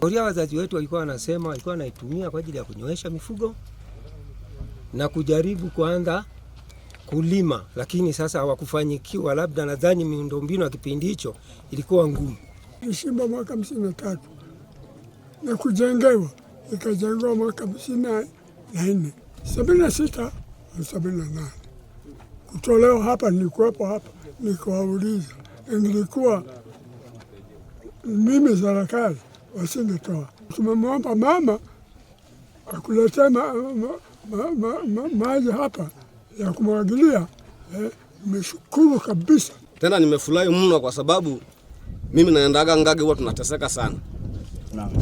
Koria wazazi wetu walikuwa wanasema, walikuwa wanaitumia kwa ajili ya kunywesha mifugo na kujaribu kuanza kulima, lakini sasa hawakufanyikiwa. Labda nadhani miundombinu ya kipindi hicho ilikuwa ngumu. Nishimba mwaka hamsini na tatu na kujengewa, ikajengewa mwaka hamsini na nne sabini na sita na sabini na nane kutolewa hapa. Nilikuwepo hapa nikawauliza, nilikuwa mimi serikali wasingetoa. Tumemwomba mama akuletee ma, ma, ma, ma, ma, maji hapa ya kumwagilia. Nimeshukuru eh, kabisa. Tena nimefurahi mno kwa sababu mimi naendaga Ngage huwa tunateseka sana.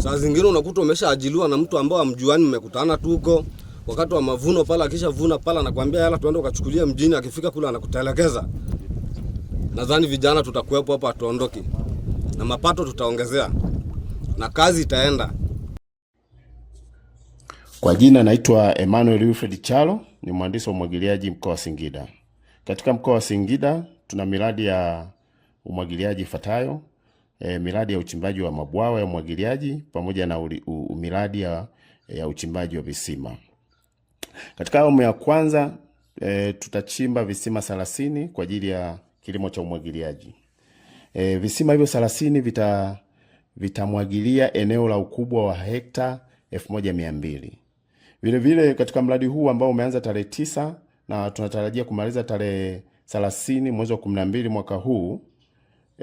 Saa zingine unakuta umeshaajiliwa na mtu ambao amjuani, mmekutana tu huko wakati wa mavuno akisha akishavuna pale anakuambia hela tuende ukachukulia mjini. Akifika kule anakutelekeza. Nadhani vijana tutakuwepo hapa, hatuondoki na mapato tutaongezea na kazi itaenda. Kwa jina naitwa Emmanuel Wilfred Chalo, ni mhandisi wa umwagiliaji mkoa wa Singida. Katika mkoa wa Singida tuna miradi ya umwagiliaji ifuatayo: e, miradi ya uchimbaji wa mabwawa ya umwagiliaji pamoja na uli, u, miradi ya, ya uchimbaji wa visima. Katika awamu ya kwanza e, tutachimba visima 30 kwa ajili ya kilimo cha umwagiliaji. E, visima hivyo 30 vita vitamwagilia eneo la ukubwa wa hekta 1200. Vilevile katika mradi huu ambao umeanza tarehe tisa na tunatarajia kumaliza tarehe 30 mwezi wa 12 mwaka huu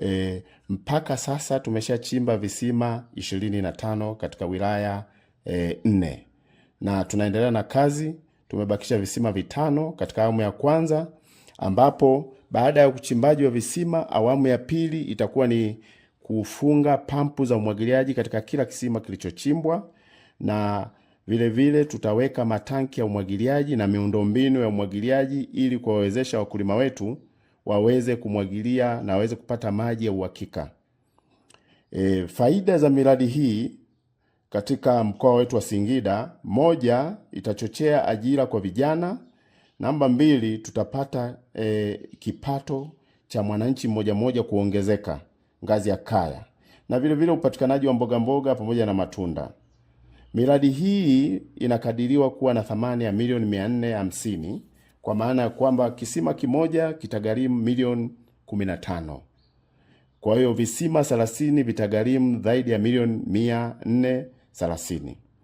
e, mpaka sasa tumeshachimba visima 25 katika wilaya e, nne na tunaendelea na kazi. Tumebakisha visima vitano katika awamu ya kwanza, ambapo baada ya uchimbaji wa visima awamu ya pili itakuwa ni kufunga pampu za umwagiliaji katika kila kisima kilichochimbwa, na vilevile vile tutaweka matanki ya umwagiliaji na miundombinu ya umwagiliaji ili kuwawezesha wakulima wetu waweze kumwagilia na waweze kupata maji ya uhakika. E, faida za miradi hii katika mkoa wetu wa Singida, moja, itachochea ajira kwa vijana. Namba mbili, tutapata e, kipato cha mwananchi mmoja mmoja kuongezeka ngazi ya kaya na vile vile upatikanaji wa mboga mboga pamoja na matunda. Miradi hii inakadiriwa kuwa na thamani ya milioni 450 kwa maana ya kwamba kisima kimoja kitagharimu milioni 15. Kwa hiyo visima 30 vitagharimu zaidi ya milioni 430.